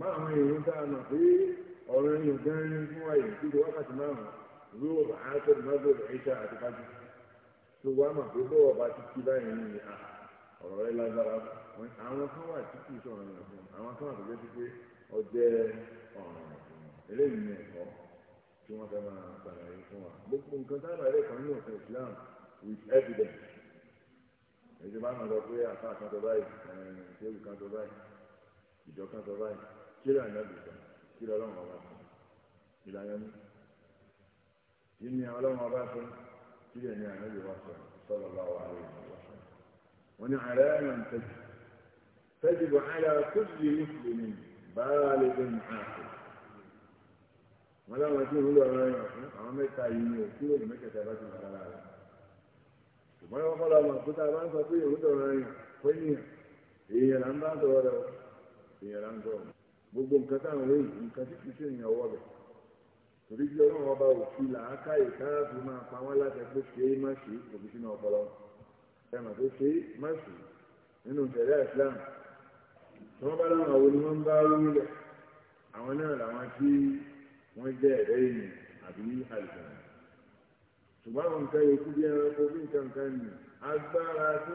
ṣùgbọ́n àwọn èrò tá a mọ̀ pé ọ̀rọ̀ ẹ̀yìn gan-an fún wa yìí títí wákàtí márùn-ún yóò bá a tó lọ́dọ̀ ẹ̀ṣá àti bájú tó wá mọ̀ pé bọ́ọ̀ bá ti kí báyìí ní ìhà ọ̀rọ̀ rẹ̀ lágbára àwọn kan wà tí kì í sọ̀rọ̀ yàn fún àwọn kan wà tó jẹ́ sí pé ọjẹ́ ọ̀ràn eléyìí ni ẹ̀kọ́ tí wọ́n fẹ́ máa ṣàlàyé fún wa gbogbo nǹkan táwọn with evidence èyí ti bá wọn lọ pé àfa kan tó báyìí ẹ̀ẹ́dẹ́gbù kan tó ìjọ kan tó báyìí kira ìnáàbì sọ kíra ọlọ́run ọba sọ ìlànà mi yìí ni ọlọ́run ọba sọ kíra ní ànábì wa sọ sọlọ bá wà lórí ìnáwó sọ wọn ni ààrẹ ẹ̀rọ ń tẹ̀jú tẹ̀jú bọ̀ àyà tó di mùsùlùmí báyà lè dé mùsùlùmí wọn láwọn tí ìwúlò ọ̀rọ̀ yẹn fún àwọn mẹ́ta yìí ni òkú ya mẹ́tẹ̀ẹ̀ta bá ti wà lára kọ́lá ọmọ bá ń sọ pé fún èèyàn là ń gbogbo nǹkan táwọn wé yìí nǹkan tí kìí ṣèyàn ọwọ́ rẹ̀ torí bí ọlọ́run ọba òfin làákàyè káàfi máa pa wọ́n láti pé ṣe é má ṣe òbí sínú ọpọlọ ẹ̀mà tó ṣe é má ṣe nínú ìṣẹ̀lẹ̀ Islam tí wọ́n bá láwọn àwọn ni wọ́n ń bá wúlẹ̀ àwọn náà làwọn tí wọ́n jẹ́ ẹ̀rẹ́ ènìyàn àbí àlùfáà ṣùgbọ́n àwọn nǹkan yòókù bí ẹranko bí nǹkan nǹkan nì agbára tó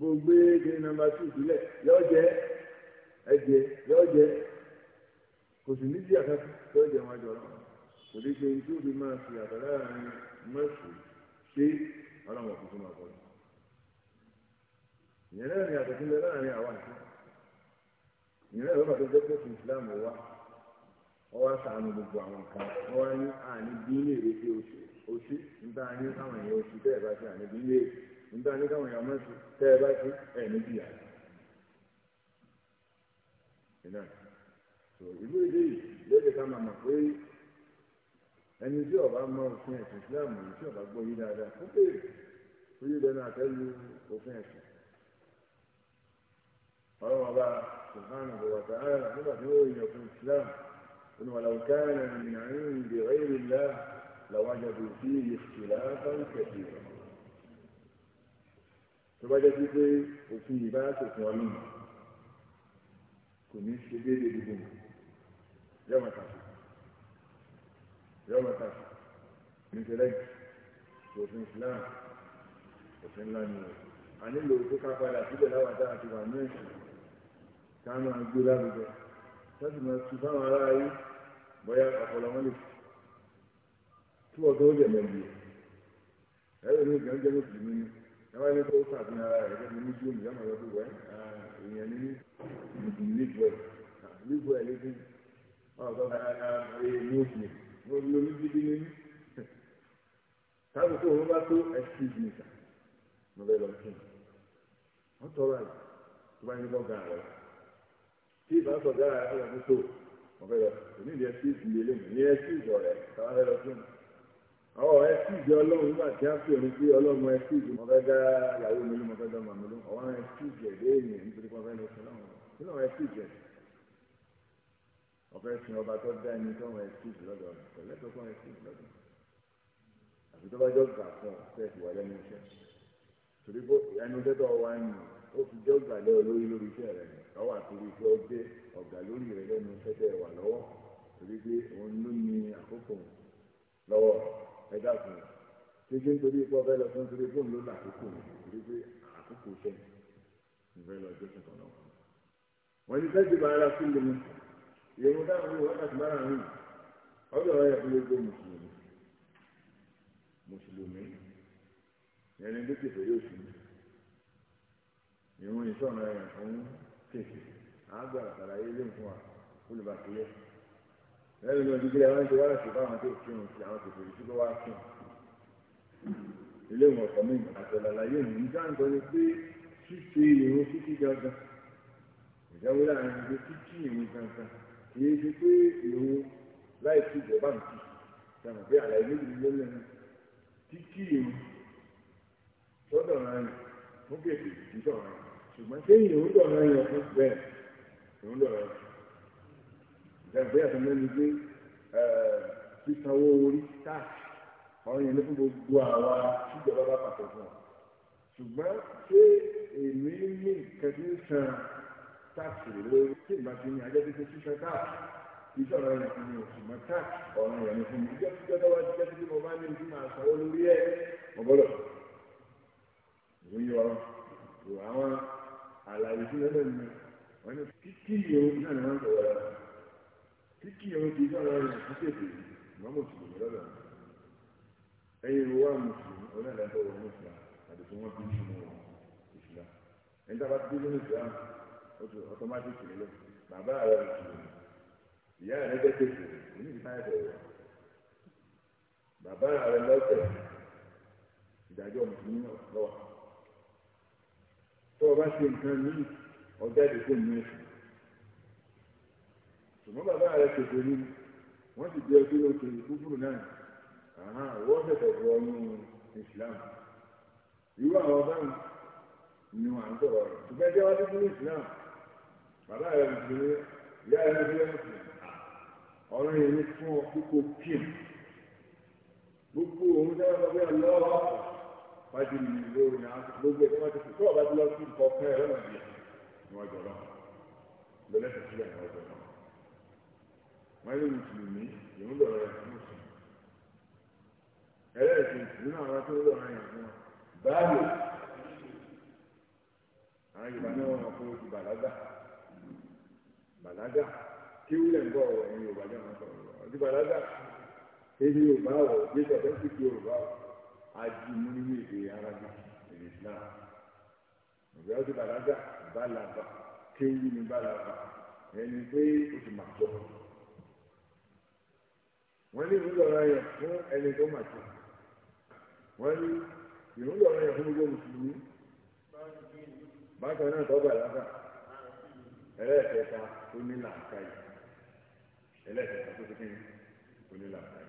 bó gbé kí tù sílẹ̀ yóò jẹ ẹjẹ yóò jẹ kò sì ní sí àkàtú yóò jẹ wọn jọrọ kò ní ṣe tí òbí máa fi àtọ láàrin mọ́sù ṣe ọlọ́mọ tuntun máa bọ̀ ìyẹn náà ni àtẹ̀tún láàrin àwa àti ìyẹn náà lọ́pàá tó jẹ́ pé fún Islam wá. wọ́n wá sàánú gbogbo àwọn kan anyị wá ní àní bí ilé anyị sí oṣù oṣù níta ní káwọn èèyàn oṣù tẹ́ ẹ̀ bá ṣe àní bí ilé níta ní káwọn èèyàn mọ́ṣù tẹ́ ẹ bá ṣe ẹ̀ yàrá. ìlú èdè yìí lóde ká pé ẹni tí ọba mọ òfin ẹ̀sìn Islam ẹni ọba dáadáa òfin إنه ولو كان من عند غير الله لوجدوا فيه اختلافا كثيرا tó bá jẹ́ pípé òfin ìbá ṣòfin ọlọ́run kò ní ṣe déédéé gbogbo mọ̀ yọ̀ọ́ máa tàṣà yọ̀ọ́ máa tàṣà nítẹ̀lẹ́gì òfin Islam òfin ńlá ni o a nílò pé ká padà láwọn àti àti wà ní ẹ̀sìn ká máa gbé lárugẹ tó aráàlú. bóyá ọpọlọ wọn lè tí wọn tó lè mẹbi ẹ̀yìn Ya ìgbà ń jẹ lóṣù mi ẹwà ní kó ya ara rẹ lóṣù ní jùmù yọmọ yọ fún wẹ èèyàn ní nígbẹ nígbẹ lẹsìn ọgbà ní oṣù ní olórí gidi ní táwọn tó lọ sí ọ̀fẹ́ lọ òní ìdí ẹsí ìsìn lélẹ̀ ní ẹsí ìjọ rẹ̀ káwọn fẹ́ lọ fún mi. àwọn ẹsí ìjọ ọlọ́run nígbà tí a ń pè ní pé ọlọ́run ẹsí ìjọ mo fẹ́ dá yàwó mi ló mo fẹ́ dá màmí ló àwọn ẹsí ìjọ ẹ̀dá èèyàn nítorí pé wọ́n fẹ́ lọ fún ọlọ́run kí lọ́wọ́ ẹsí ìjọ ọ̀fẹ́ sin ọba tó dá ẹni tó wọn ẹsí ìjọ lọ́dọ̀ rẹ̀ pẹ̀lẹ́ tó kọ́ ìjọ lọ́dọ̀ ó fi jẹ́ ìgbàlẹ́ olórí lórí iṣẹ́ rẹ̀ lọ́wọ́ àtúrò iṣẹ́ ó jẹ́ ọ̀gá lórí rẹ̀ lẹ́nu iṣẹ́ wà lọ́wọ́ torí pé òun ló ní àkókò lọ́wọ́ ẹ dákun ṣíṣe nítorí pé ọbẹ̀ lọ fún torí fóònù ló ní àkókò torí pé àkókò iṣẹ́ ìfẹ́ lọ jẹ́ tuntun lọ. wọ́n ti tẹ́jú ihe ara sí lómi ìyẹ̀wò dáhùn ní wákàtí márùn-ún ọ̀dọ̀ fún mùsùlùmí mùsùlùmí ẹni ìwọ̀n ìṣọ̀nà ẹ̀ ń tèsì àgbà àtàlàyé lè fún wa olùbàkúlẹ̀ lẹ́yìn náà dídí àwọn ìṣe wàhálà sí fáwọn tó kírun sí àwọn tòkòrò tí kò wá sùn ilé ìwọ̀n ọ̀sán mi àtàlàyé ìrìn jáǹtọ́ ni pé ṣíṣe ìrún títí gangan ìjáwé láàrin ìgbé títí ìrún gangan kì í ṣe pé ìrún láì sí ìjọba nìkú sọ̀rọ̀ pé àlàyé méjì ló lẹ́nu títí ìrún sọ́dọ̀ rẹ̀ fún kèké ìjọba ṣùgbọ́n ṣé ìyẹn ń dọ̀rọ̀ yẹn fún bẹ́ẹ̀ ìyẹn ń dọ̀rọ̀ yẹn ìdàgbé àtàmẹ́ni pé sísanwó orí táà ọ̀rọ̀ yẹn ló fún gbogbo àwa tíjọba bá pàtó fún ọ ṣùgbọ́n ṣé èmi ní nǹkan tí ń san táàkì lórí tí ìgbà tí ní ajẹ́ pípé sísan táàkì iṣẹ́ ọ̀rọ̀ yẹn fún mi ò ṣùgbọ́n táàkì ọ̀rọ̀ yẹn ni fún mi ìjọ tí jọba wá jẹ́ pípé mo bá ní ojú máa sanwó lórí ẹ̀ mo gbọ́dọ̀ ìwé yọ àwọn àlàyé sí lọ́dọ̀ mi wọ́n ní kíkí ìyẹ̀wò náà ni wọ́n ń sọ̀rọ̀ rẹ̀ kíkí ìyẹ̀wò ti sọ̀rọ̀ rẹ̀ fún tètè ìmọ̀ mùsùlùmí lọ́dọ̀ ẹ̀yin ìwọ wa mùsùlùmí onídàájọ́ wọn ní ìsìlá àti tí wọ́n bí sínú ìsìlá ẹni tá a bá ti bí sínú ìsìlá ọtọmátìkì nílẹ̀ bàbá rẹ̀ mùsùlùmí ìyá rẹ̀ jẹ́ tètè oníkìtà ẹ̀fẹ̀ rẹ̀ bàbá rẹ̀ lọ́tẹ̀ ìdájọ́ mùsùlùmí lọ́wọ́ tó o bá ṣe nǹkan ní ọjà ìdókò ní ẹ̀sìn ṣùgbọ́n bàbá ṣètò ní wọ́n ti jẹ́ bí o ṣe náà àhán ìwọ́ Islam irú àwọn ọba ni wọ́n à ń sọ̀rọ̀ rẹ̀ ṣùgbọ́n ẹjẹ́ wá Islam bàbá rẹ ṣètò ìyá ní bílẹ̀ ọ̀rọ̀ yẹn ní fún ọ wájú ìlú ìlú gbogbo ẹ̀ wọ́n ti fi tọ́wọ́ bá ti lọ sí nǹkan ọ̀pẹ́ ẹ̀rọ náà yẹ ni wọ́n jọ lọ lọ́lẹ́sẹ̀ sílẹ̀ ni wọ́n jọ lọ. wọ́n lé mùsùlùmí ìlú lọ́rọ̀ ẹ̀ fún mùsùlùmí. ẹlẹ́sìn nínú àwọn tó lọ́rọ̀ ẹ̀ fún wọn báàlù àwọn yorùbá ní wọn kó ti bàlágà bàlágà kí wúlẹ̀ ń bọ̀ ẹ̀yin yorùbá jẹ́ wọn sọ̀rọ̀ ajú mú nínú èdè arabi èdè islam ìgbà ó ti bàlágà bàlágà kéwú ni bàlágà ẹni pé ó ti mà tó wọ́n ní ìrúlọ̀rọ̀ yẹn fún ẹni tó mà tó wọ́n ní ìrúlọ̀rọ̀ yẹn fún gbogbo mùsùlùmí bákan náà tó bàlágà ẹlẹ́ẹ̀kẹta tó ní làákàyè ẹlẹ́ẹ̀kẹta tó ti kéwú tó ní làákàyè.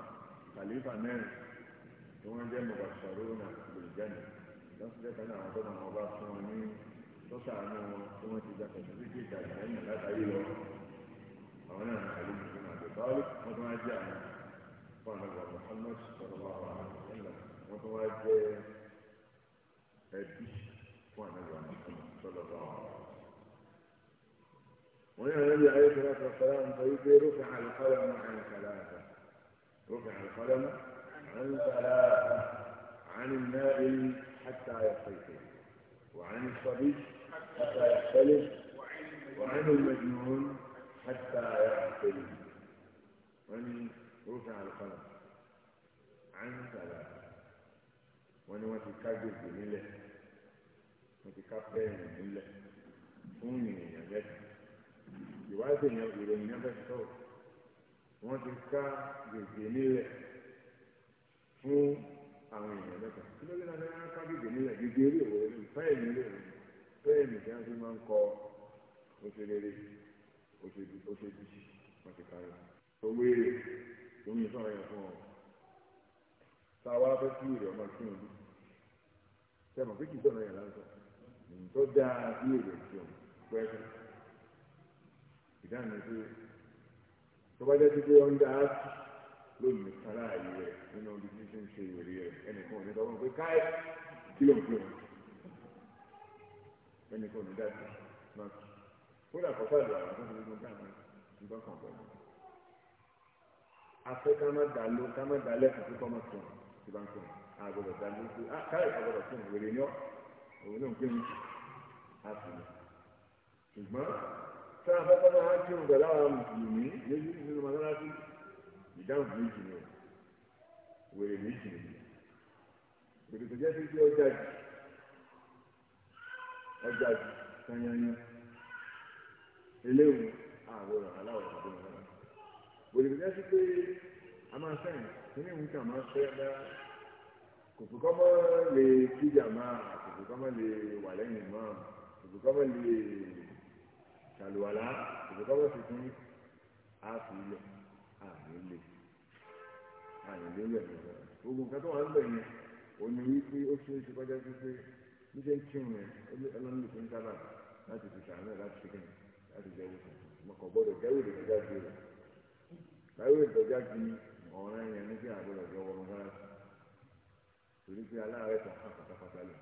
خليفة ناس هم دي مبشرون بالجنة بس دي كان عندنا موضوع صومين توسع انه ثم تزكى تزكى تزكى ان لا تعيله فانا علي بن ابي طالب متواجع فانا محمد صلى الله عليه وسلم متواجع ابيش فانا محمد صلى الله عليه وسلم ويا النبي عليه الصلاه والسلام طيب رفع القلم عن ثلاثه رفع القلم عن ثلاثة عن النائم حتى يستيقظ وعن الصبي حتى يختلف وعن المجنون حتى يعقل من رفع القلم عن ثلاثة وني بملة بالله وتكبر بملة فوني يا جد يوازن يرجو لنفسه wọ́n ti ká gègé nílẹ̀ fún àwọn èèyàn mẹ́ta kí ló dé náà lẹ́yìn ká gègé nílẹ̀ gègé rí òwò rí fẹ́ẹ̀mì rí òwò fẹ́ẹ̀mì tí wọ́n fi máa ń kọ òṣèré òṣèdì òṣèdì wọ́n ti kárí owó èrè omi ìfọ̀rọ̀ yẹn fún ọ táwa fẹ́ kí èrè ọmọ kí wọn bí sẹ́wọ̀n pé kì í sọ̀rọ̀ yẹn lásán tó dáa bí èrè kí wọn pẹ́ẹ́sì ìdáhùn ni pé tó bá jẹ́ ti pé ọ́n dáa lónìí sára àyè rẹ̀ nínú ibi tí ṣe ń ṣe ìwérí rẹ̀ ẹnìkan ò ní sọ fún pé káì kí ló ń pè wọ́n ẹnìkan ò ní dájú náà kódà kọ́sà lọ àwọn tó ń gbé gbọ́n káàkiri nígbà kan pẹ̀lú. afẹ́ ká má dà ló ká má dà lẹ́kùn tó kọ́ má sùn tí bá ń sùn àgbọ̀dọ̀ dà ló pé ah, káì àgbọ̀dọ̀ sùn wèrè ni ọ́ òun tá a fẹ́ kọ́ máa kí òun pẹ̀lú àwọn mùsùlùmí méjì nínú mọ́sálásí ìdáhùn méjì ni wèrè méjì ni wèrè tó jẹ́ pé kí ọjà jù ọjà jù sanyanya eléwu àwòrán aláwọ̀ tó dùn náà wèrè tó jẹ́ pé a máa sẹ́yìn nínú ìwé a máa fẹ́ bá kòkò kọ́ mọ́ lè kíjà máa kòkò kọ́ mọ́ lè wà lẹ́yìn máa kòkò kọ́ lè ṣàlùwàlá ìdókòwò sì tún àfi ilẹ̀ àmì ilé àmì ilé ilẹ̀ nìyẹn tó wà ń yẹn òní wípé ó ṣe é ṣe kọjá pípé níṣẹ́ tí òun yẹn ọlọ́run lè fi ń sábà láti fi sàánú láti fi kẹ́yìn láti jẹ́ wípé ọkọ̀ gbọ́dọ̀ jẹ́ wípé kọjá sí rẹ̀ káwé kọjá sí ọ̀ràn yẹn ní kí àgbọ̀dọ̀ jọ wọn rárá torí pé aláàárẹ̀ kan kàn pátápátá lọ.